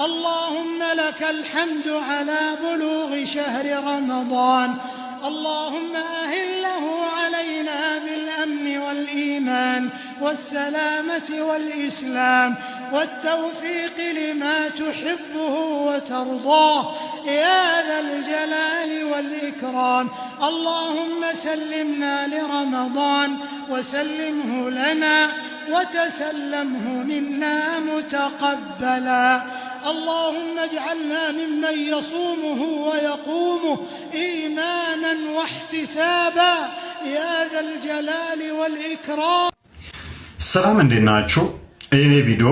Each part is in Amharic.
اللهم لك الحمد على بلوغ شهر رمضان اللهم أهله علينا بالأمن والإيمان والسلامة والإسلام والتوفيق لما تحبه وترضاه يا ذا الجلال والإكرام اللهم سلمنا لرمضان وسلمه لنا وتسلمه منا متقبلا اللهم اجعلنا ممن يصومه ويقومه ايمانا واحتسابا يا ذا الجلال والاكرام ሰላም እንዴት ናችሁ? ይህ ቪዲዮ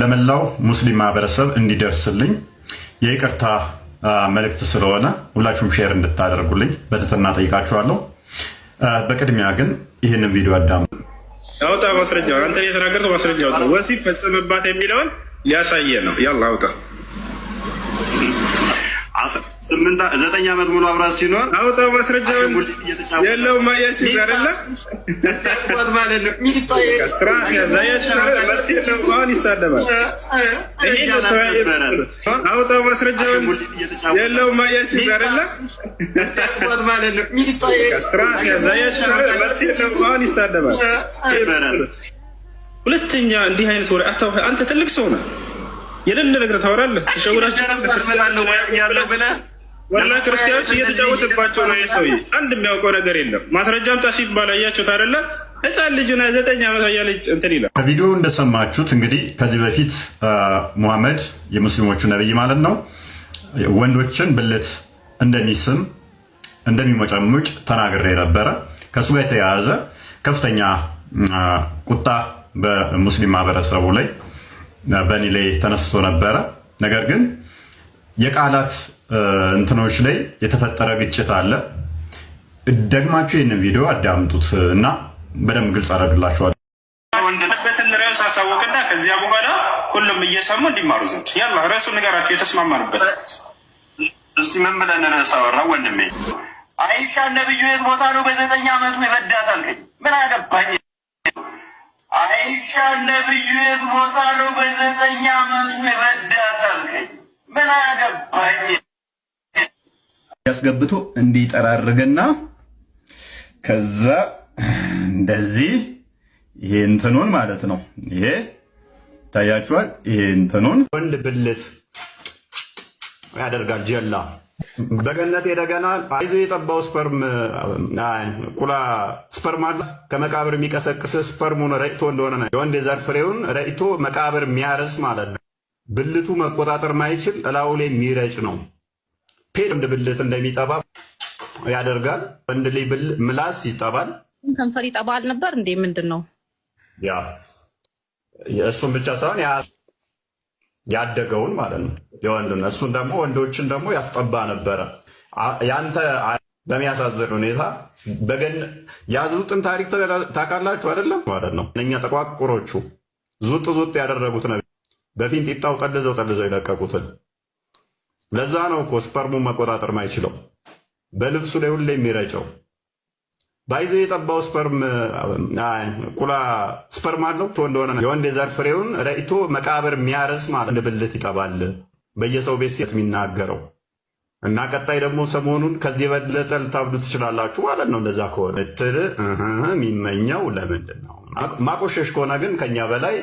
ለመላው ሙስሊም ማህበረሰብ እንዲደርስልኝ የይቅርታ መልእክት ስለሆነ ሁላችሁም ሼር እንድታደርጉልኝ በትህትና ጠይቃችኋለሁ። በቅድሚያ ግን ይህንን ቪዲዮ አዳም አውጣ ማስረጃ። አንተ የተናገርከው ማስረጃ አውጣ። ወሲብ ፈጽምባት የሚለውን ሊያሳየ ነው። ያላ አውጣ ስምንት ዘጠኝ ዓመት ሙሉ አብራት ሲኖር አውጣው ማስረጃውን የለውም። አያችሁ ማለት ነው። ስራ ያዛያችሁ መልስ የለውም። አሁን ይሳደባል። አውጣው ማስረጃውን የለውም። ማለት ነው። ስራ ያዛያችሁ መልስ አሁን ይሳደባል። ሁለተኛ እንዲህ አይነት ወሬ አታው። አንተ ትልቅ ሰው ነህ። የሌለ ነገር ታወራለህ። ተሸውራችሁ ወላ ክርስቲያኖች እየተጫወተባቸው ነው። የሰውዬ አንድ የሚያውቀው ነገር የለም። ማስረጃም አምጣ ሲባል አያችሁት አይደለ? ህፃን ልጅ ነ ዘጠኝ ዓመት ያ እንትን ይላል። ከቪዲዮ እንደሰማችሁት እንግዲህ ከዚህ በፊት ሙሐመድ የሙስሊሞቹ ነብይ ማለት ነው ወንዶችን ብልት እንደሚስም እንደሚሞጨምጭ ተናግሬ ነበረ። ከእሱ ጋር የተያያዘ ከፍተኛ ቁጣ በሙስሊም ማህበረሰቡ ላይ በእኔ ላይ ተነስቶ ነበረ። ነገር ግን የቃላት እንትኖች ላይ የተፈጠረ ግጭት አለ። ደግማችሁ ይህንን ቪዲዮ አዳምጡት እና በደንብ ግልጽ አደርግላችኋል። ወንድበትን ርዕስ አሳወቅና ከዚያ በኋላ ሁሉም እየሰሙ እንዲማሩ ዘንድ ያላ ርዕሱን ንገራቸው የተስማማንበት እስቲ ምን ብለን ርዕስ አወራ? ወንድሜ አይሻ ነብዩ የት ቦታ ነው በዘጠኝ ዓመቱ የበዳት አልከኝ። ምን አገባኝ? አይሻ ነብዩ የት ቦታ ነው በዘጠኝ ዓመቱ የበዳ ያስገብቶ እንዲጠራርግና ከዛ እንደዚህ ይሄ እንትኑን ማለት ነው። ይሄ ታያችኋል። ይሄ እንትኑን ወንድ ብልት ያደርጋል። ጀላ በገነት የደገና አይዞ የጠባው ስፐርም ቁላ ስፐርም አለ ከመቃብር የሚቀሰቅስ ስፐርሙን ረጭቶ እንደሆነ ነው። የወንድ የዘር ፍሬውን ረጭቶ መቃብር የሚያርስ ማለት ነው። ብልቱ መቆጣጠር ማይችል እላው ላይ የሚረጭ ነው። ፔድ ብልት እንደሚጠባ ያደርጋል። ወንድ ላይ ምላስ ይጠባል። ከንፈር ይጠባል ነበር እንዴ? ምንድን ነው ያ? እሱን ብቻ ሳይሆን ያደገውን ማለት ነው የወንድን እሱን ደግሞ ወንዶችን ደግሞ ያስጠባ ነበረ። ያንተ በሚያሳዝን ሁኔታ በገን ያዙጥን ታሪክ ታውቃላችሁ አይደለም ማለት ነው። እነኛ ጠቋቁሮቹ ዙጥ ዙጥ ያደረጉት ነው በፊንጢጣው ጠልዘው ጠልዘው የለቀቁትን ለዛ ነው እኮ ስፐርሙን መቆጣጠር ማይችለው በልብሱ ላይ ሁሌ የሚረጨው ባይዞ የጠባው ስፐርም ቁላ ስፐርም አለው ተወንድ ሆነ የወንድ የዘር ፍሬውን ረጭቶ መቃብር የሚያረስ ማለት ልብልት ይጠባል። በየሰው ቤት ሴት የሚናገረው እና ቀጣይ ደግሞ ሰሞኑን ከዚህ የበለጠ ልታብዱ ትችላላችሁ ማለት ነው። እንደዛ ከሆነ እትል የሚመኘው ለምንድን ነው? ማቆሸሽ ከሆነ ግን ከኛ በላይ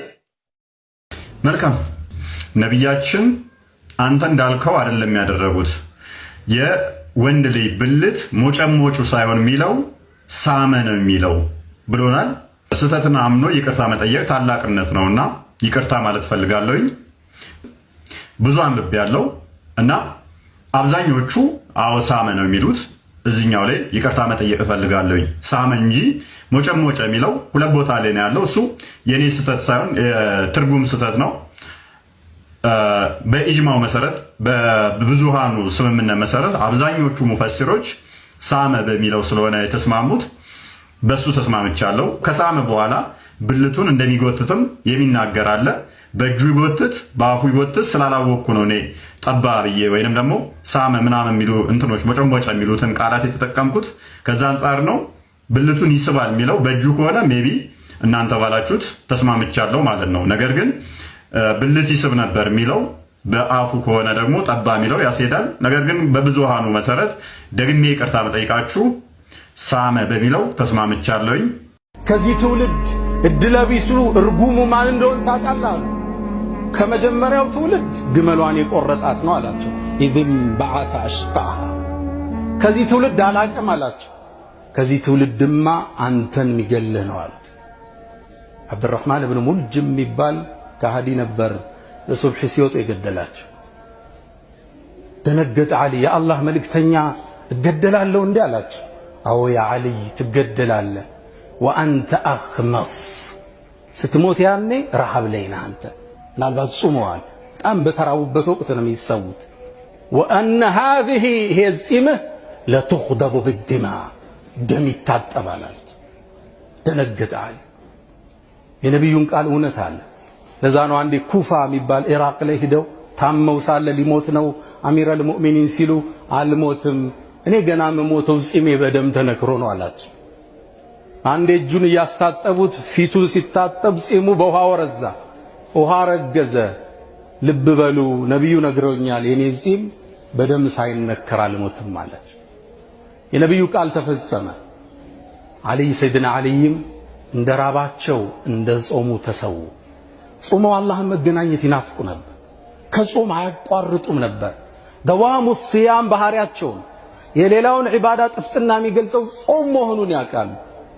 መልካም ነቢያችን አንተ እንዳልከው አይደለም ያደረጉት። የወንድ ልጅ ብልት ሞጨሞጩ ሳይሆን የሚለው ሳመ ነው የሚለው ብሎናል። ስህተትን አምኖ ይቅርታ መጠየቅ ታላቅነት ነው እና ይቅርታ ማለት ፈልጋለሁኝ። ብዙ አንብብ ያለው እና አብዛኞቹ አዎ ሳመ ነው የሚሉት። እዚኛው ላይ ይቅርታ መጠየቅ እፈልጋለሁኝ ሳመ እንጂ ሞጨሞጨ የሚለው ሁለት ቦታ ላይ ነው ያለው። እሱ የእኔ ስህተት ሳይሆን የትርጉም ስህተት ነው። በኢጅማው መሰረት በብዙሃኑ ስምምነት መሰረት አብዛኞቹ ሙፈሲሮች ሳመ በሚለው ስለሆነ የተስማሙት በሱ ተስማምቻለሁ። ከሳመ በኋላ ብልቱን እንደሚጎትትም የሚናገር አለ። በእጁ ይጎትት በአፉ ይጎትት ስላላወቅኩ ነው እኔ ጠባ ብዬ ወይንም ደግሞ ሳመ ምናምን የሚሉ እንትኖች ሞጨሞጨ የሚሉትን ቃላት የተጠቀምኩት ከዛ አንጻር ነው። ብልቱን ይስባል የሚለው በእጁ ከሆነ ሜቢ እናንተ ባላችሁት ተስማምቻለሁ ማለት ነው። ነገር ግን ብልት ይስብ ነበር የሚለው በአፉ ከሆነ ደግሞ ጠባ የሚለው ያስሄዳል። ነገር ግን በብዙሃኑ መሰረት ደግሜ ይቅርታ መጠይቃችሁ ሳመ በሚለው ተስማምቻለሁኝ። ከዚህ ትውልድ እድለቢሱ እርጉሙ ማን እንደሆን ታውቃለህ ከመጀመሪያው ትውልድ ግመሏን የቆረጣት ነው አላቸው። ኢዝም በዓፈ አሽቃሃ ከዚህ ትውልድ አላቅም አላቸው። ከዚህ ትውልድማ አንተን የሚገልህ ነው አሉት። አብድራህማን እብን ሙልጅም የሚባል ከሃዲ ነበር። ሱብሒ ሲወጡ የገደላቸው ደነገጠ። ዓሊ የአላህ መልእክተኛ እገደላለሁ እንዲህ አላቸው። አዎ ያ ዓሊይ ትገደላለ። ወአንተ አኽመስ ስትሞት ያኔ ረሃብ ላይ ነህ አንተ። ምናልባት ጾመዋል፣ በጣም በተራቡበት ወቅት ነው የሚሰዉት። ወአነ ሃዚህ ይሄ ጺምህ ለቱኽደቡ ብድማ ደም ይታጠባል አሉት። ደነገጠ ዓሊ የነቢዩን ቃል እውነት አለ ለዛ ነው አንዴ ኩፋ የሚባል ኢራቅ ላይ ሂደው ታመው ሳለ ሊሞት ነው አሚራል ሙእሚኒን ሲሉ አልሞትም እኔ ገና የምሞተው ጺሜ በደም ተነክሮ ነው አላቸው። አንዴ እጁን እያስታጠቡት ፊቱ ሲታጠብ ጺሙ በውሃ ወረዛ፣ ውሃ ረገዘ። ልብ በሉ ነቢዩ ነግረውኛል፣ የኔ ጺም በደም ሳይነከር አልሞትም አላቸው። የነቢዩ ቃል ተፈጸመ። አልይ ሰይድና አልይም እንደራባቸው እንደ ጾሙ ተሰዉ። ጾመው አላህን መገናኘት ይናፍቁ ነበር። ከጾም አያቋርጡም ነበር። ደዋሙ ሲያም ባህሪያቸውን የሌላውን ዒባዳ ጥፍጥና የሚገልጸው ጾም መሆኑን ያውቃሉ።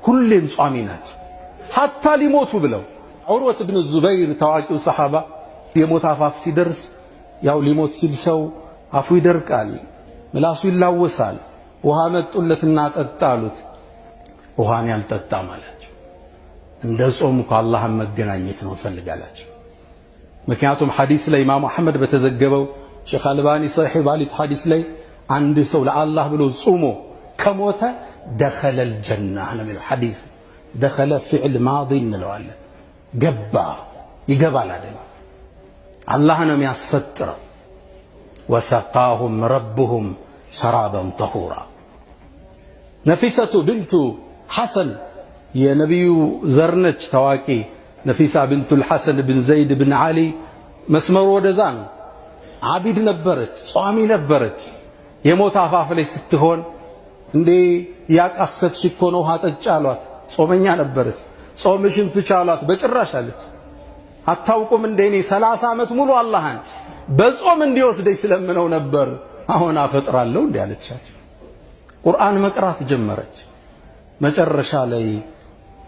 ሁሌም ጿሚ ናቸው። ሀታ ሊሞቱ ብለው ዑርወት ብን ዙበይር ታዋቂው ሰሓባ የሞት አፋፍ ሲደርስ ያው ሊሞት ሲል ሰው አፉ ይደርቃል፣ ምላሱ ይላወሳል። ውሃ መጡለትና ጠጣ አሉት። ውሃን ያልጠጣ ማለት እንደ ጾሙ ከአላህ መገናኘት ነው ፈልጋላችሁ። ምክንያቱም ሐዲስ ላይ ኢማሙ አሕመድ በተዘገበው ሼክ አልባኒ ሰሒህ ባሊት ሐዲስ ላይ አንድ ሰው ለአላህ ብሎ ጾሞ ከሞተ ደኸለል ጀና ነው የሚለው ሐዲስ። ደኸለ ፊዕል ማዲ እንለዋለን። ገባ ይገባል አይደል? አላህ ነው የሚያስፈጥረው። ወሰቃሁም ረብሁም ሸራበን ጠሁራ ነፊሰቱ ብንቱ ሐሰን የነቢዩ ዘርነች ታዋቂ ነፊሳ ብንቱል ሐሰን ብን ዘይድ ብን ዓሊ መስመሩ ወደዛ ነው። አቢድ ነበረች፣ ጿሚ ነበረች። የሞት አፋፍ ላይ ስትሆን እንዴ ያቃሰትሽ እኮ ነው ውሃ ጠጭ አሏት። ጾመኛ ነበረች። ጾምሽን ፍቻ አሏት። በጭራሽ አለች። አታውቁም እንደ እኔ ሰላሳ ዓመት ሙሉ አላህን በጾም እንዲወስደኝ ስለምነው ነበር አሁን አፈጥራለሁ እንዲያለቻት ቁርአን መቅራት ጀመረች መጨረሻ ላይ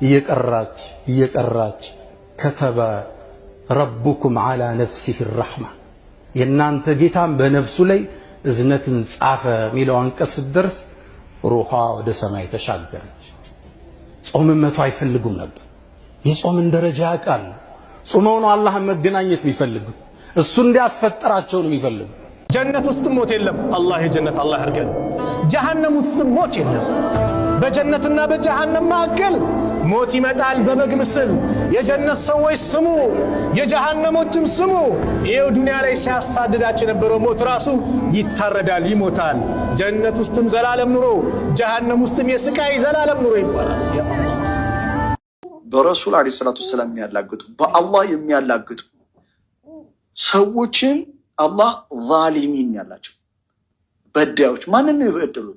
እየቀራች እየቀራች ከተበ ረቡኩም ዓላ ነፍሲህ ራሕማ የእናንተ ጌታም በነፍሱ ላይ እዝነትን ጻፈ የሚለው አንቀጽ ስትደርስ ሩሃ ወደ ሰማይ ተሻገረች። ጾምን መቶ አይፈልጉም ነበር። የጾምን ደረጃ ያውቃሉ። ጾመው ነው አላህን መገናኘት የሚፈልጉት እሱ እንዲያስፈጠራቸው ነው የሚፈልጉ። ጀነት ውስጥም ሞት የለም። አላህ የጀነት አላህ ያርገን ጀሃነም ውስጥም ሞት የለም። በጀነትና በጀሃነም መካከል ሞት ይመጣል በበግ ምስል። የጀነት ሰዎች ስሙ፣ የጀሃነሞችም ስሙ። ይኸው ዱንያ ላይ ሲያሳድዳቸው የነበረው ሞት ራሱ ይታረዳል፣ ይሞታል። ጀነት ውስጥም ዘላለም ኑሮ፣ ጀሃነም ውስጥም የስቃይ ዘላለም ኑሮ ይባላል። በረሱል ዓለይሂ ሰላቱ ወሰላም የሚያላግጡ በአላህ የሚያላግጡ ሰዎችን አላህ ዛሊሚን ያላቸው በዳዮች። ማንን ነው የበደሉ?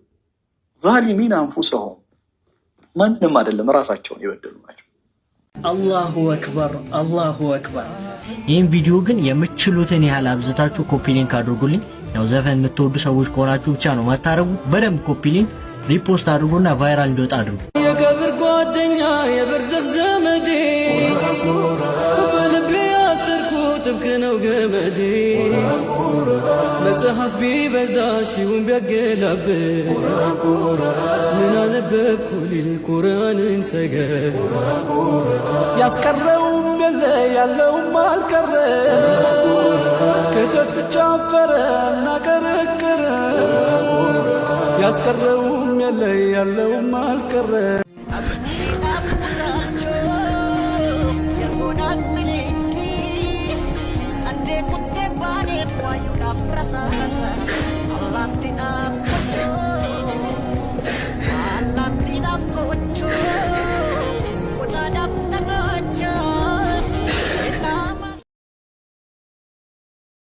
ዛሊሚን አንፉሰሆም ማንንም አይደለም፣ ራሳቸውን የበደሉ ናቸው። አላሁ አክበር አላሁ አክበር። ይህን ቪዲዮ ግን የምችሉትን ያህል አብዝታችሁ ኮፒ ሊንክ አድርጉልኝ። ያው ዘፈን የምትወዱ ሰዎች ከሆናችሁ ብቻ ነው ማታረጉ። በደንብ ሊንክ ሪፖስት አድርጎና ቫይራል እንዲወጣ አድርጉ። የቀብር ጓደኛ የብርዝቅ ዘመዴ የሰብክ ነው ገመድ መጽሐፍ ቢበዛ ሺውን ቢያገላብ ምን አነበብኩ ሊል ቁርአንን ያስቀረውም የለ ያለውም አልቀረ ክህደት ብቻ አፈረ እናቀረቀረ ያስቀረውም የለ ያለውም አልቀረ Why you not present? Allah tinap.